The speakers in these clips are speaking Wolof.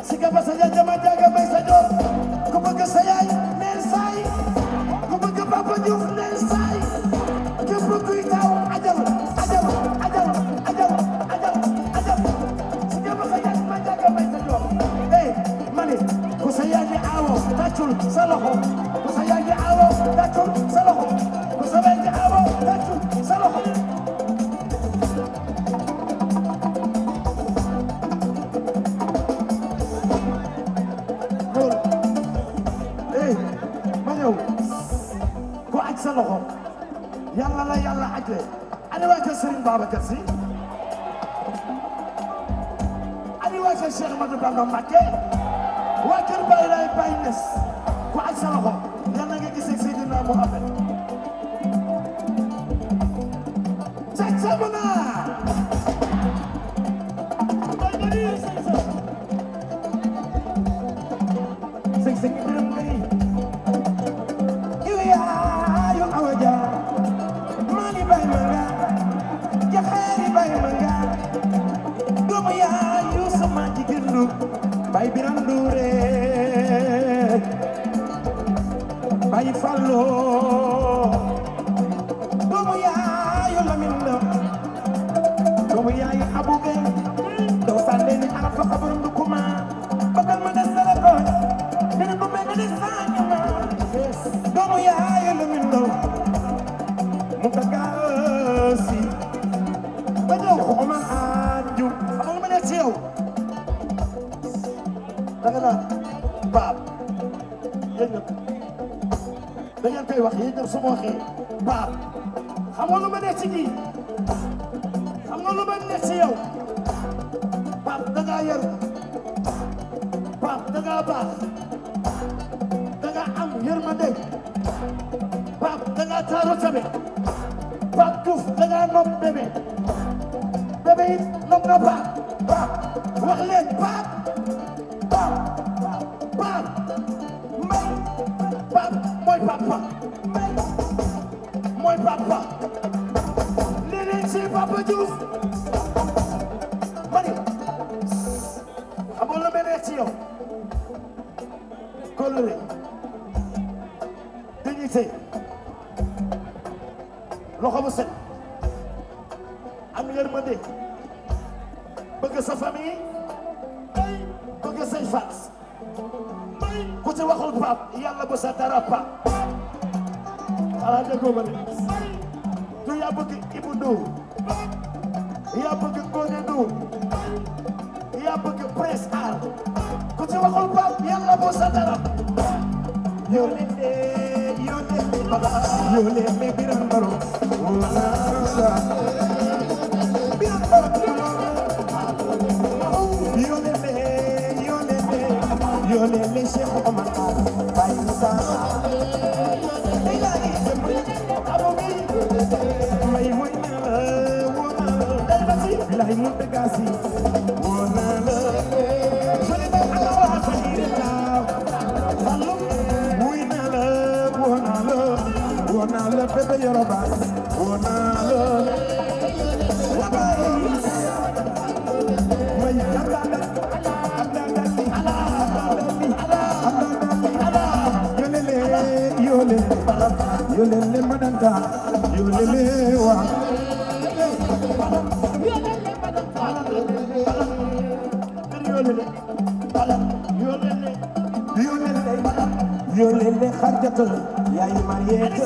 si ka ba sa ja jama jaaga bay sa joor ku bëgg sa yaay neel saay ku bëgg Papa Diouf neel saay képp kuy taaw ajal ajal ajal ajal ajal ajal si ka ba sa ja jama jaaga bay sa joor eh mani ku sa yaay ne aawo tàccul sa loxo aje ana waa kër Serigne Babacar Sy ana waa kër Cheikh Ahmadou Bamba Mbacké waa kër Baye Laye Baye Niass ku aj sa loxo yal na nga gisee Seydina Mohamed bay fallo doomu yaayu lamin la doomu yaayu abu gay doo sànni ni arab fa xabaru ndukuma bakal ma des sala ko dina bu mel ni saañu ma doomu yaayu lamin la mu ka gaasi ba ñëw xuma aaju xamal ma ne ci yow danga naan da ngeen koy wax yéen ñëpp su ma waxee baax xam nga lu ma nekk ci kii xam nga lu ma nekk ci yow Pape da ngaa yaru Pape da ngaa baax da ngaa am yërmande Pape da ngaa taaru sabe Pape Diouf da ngaa nopp bébé bébé it nopp na Pape Pape wax leen Pape papa mooy papa leneen c'est papa Diouf mani amoon na mel ne ci yow coloré dignité loxo bu set am yërmande bëgg sa famille bëgg say fans ku ci waxul paap yàlla bu sa dara paap ala déggoo ma ne du yaa bëgg Ibou Ndour yaa bëgg Ngoné Ndour yaa bëgg Prince Ar ku ci waxul paap yàlla bu sa dara yoo leen de yoo leen de baba yoo leen de biram baro wala biram baro Yo le le Cheikh Omar Wona la bébé Yoroba, wona la yolele madanta yolele wa yolele yolele xarjatal yaay ma yeete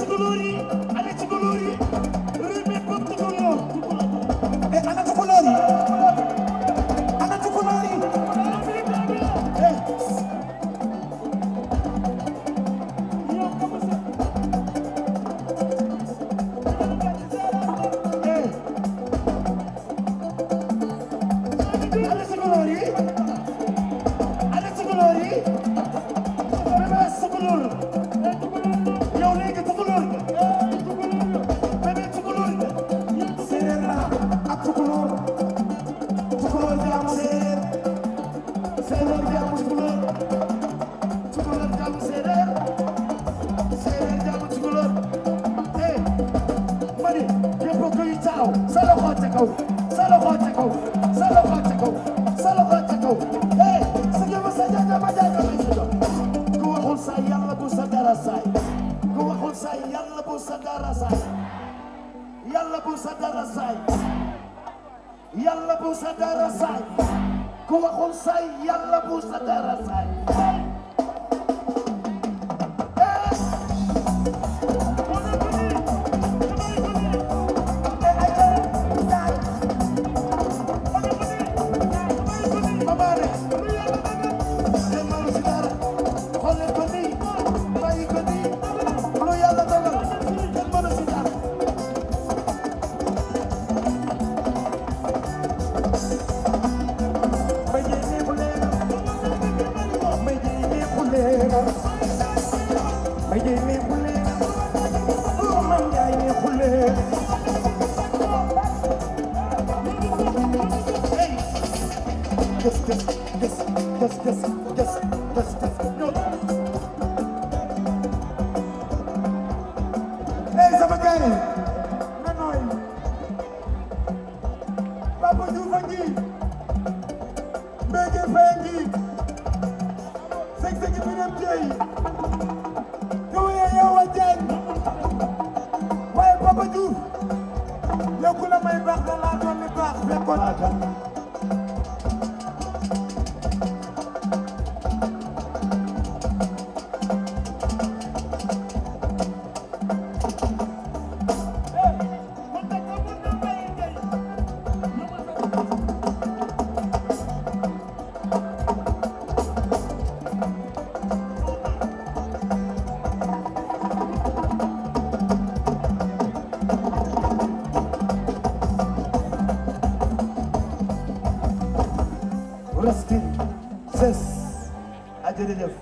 jërëjëf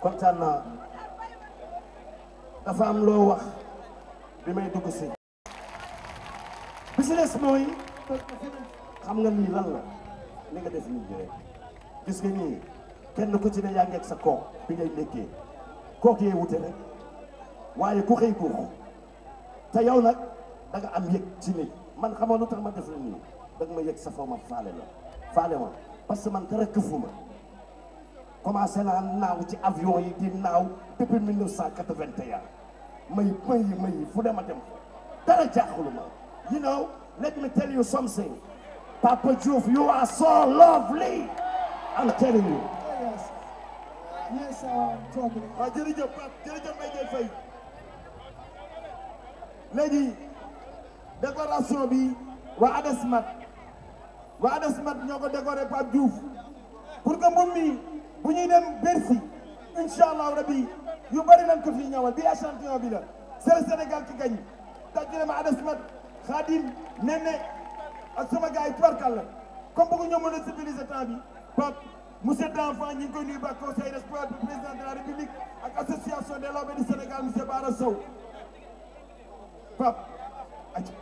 kontaan dafa am loo wax bi may dugg si bi si des mooy xam nga nii lan la li nga def nii rek gis nii kenn ku ci ne yaa ngi sa kook bi ngay nekkee kook yee wute rek waaye ku xëy guux te yow nag da nga am yëg ci nit man xamoon lu tax ma def la nii da nga ma yëg sa foo ma faale la faale ma parce que man dara këfu ma commencé naa naaw ci avion yi di naaw depuis 1981 may may may fu dema dem dara jaaxaluma you know let me tell you something Papa Diouf you are so lovely I'm telling you. yes yes waaw ah, jërëjëf Pape jërëjëf Mbaye Dièye Faye léegi décoration bi waa ADESMAT waa ADESMAT ñoo ko décoré Pape mi bu ñuy dem Bercy incha allahu rabi yu bëri nañ ko fii ñëwal bi échantillon bi la c'est le Sénégal ki gañ tajjule ma adasmat Khadim Nene ak sama gars yi tubarkal la comme bëgg mën a civiliser temps bi Pape monsieur Danfan ñi ngi koy nuyu ba conseil des sports président de la république ak association des lobbies du Sénégal monsieur Bara Sow Pape aci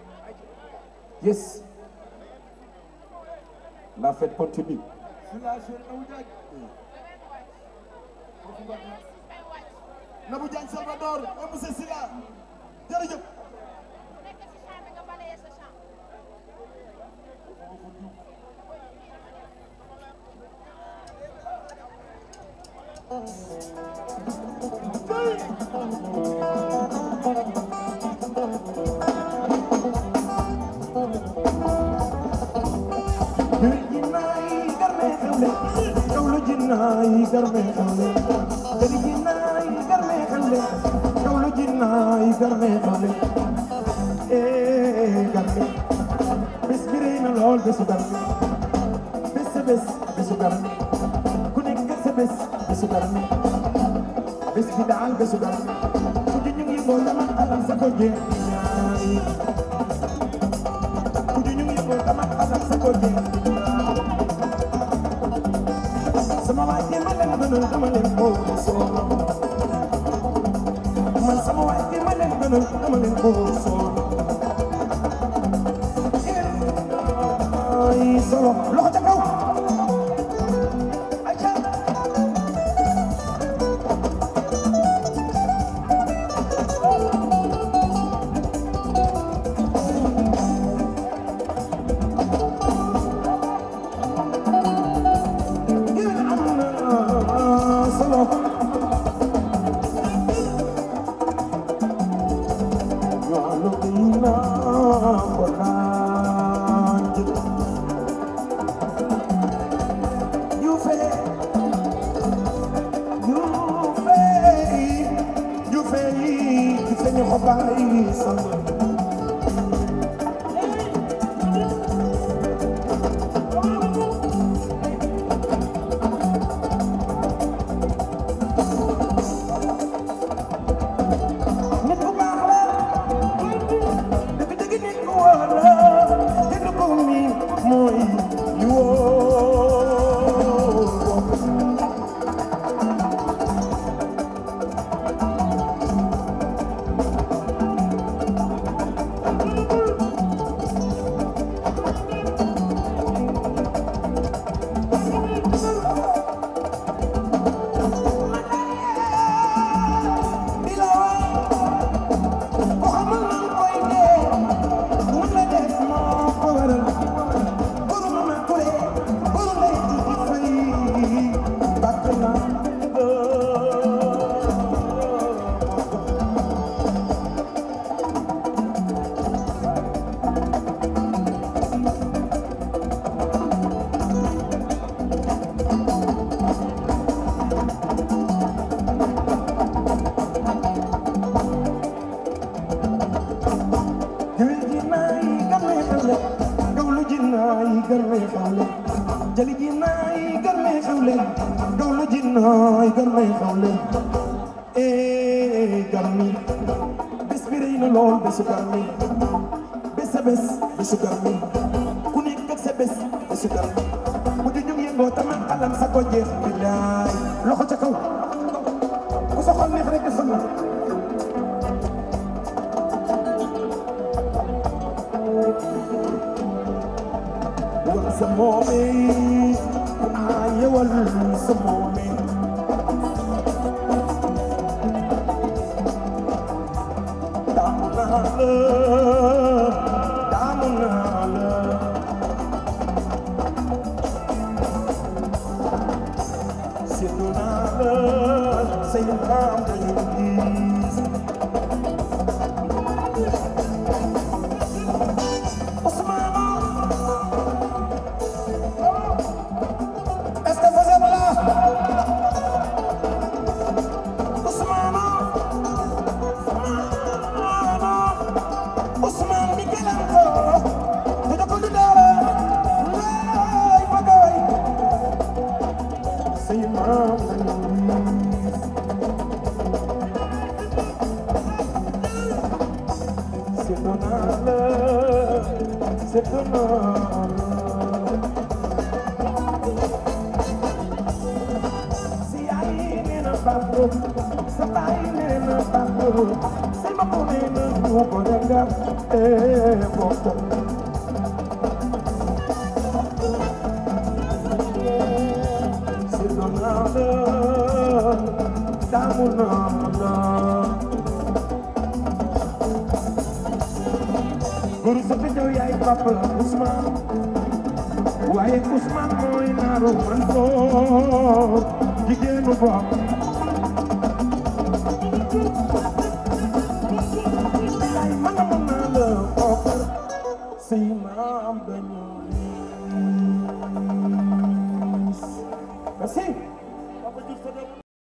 yes la fête continue Nabou Diagne Salvador et monsieur Sila jërëjëf Girl, you తొలి జిన్నాయి గర్మే కల్లే తొలి జిన్నాయి గర్మే కల్లే ఏ గర్మే bis bi rëy na lool bésu Garmi bis sa bés bésu Garmi ku nekk sa bés bésu bis bi daal bésu Garmi ku ci ñu ngi bool dama alal sa ko jéem ku ci ñu ngi bool dama alal sa ko gënal dama leen ko soxla man sama waay bi ma leen gënal dama leen ko soxla Alhamdulillah na lool bésu Gàmmu bés sa bés bésu Gàmmu ku nekk ak sa bés bésu Gàmmu bu di ñu yëngoo tamit alam sa ko jeex billaay loxo ca kaw ku sa xol neex rek a sonal wal sa moome ku aayewal sa moome Tamo não guru sa fi ñëw yaay papa Ousmane waaye Ousmane mooy naaru man soo jigéenu bopp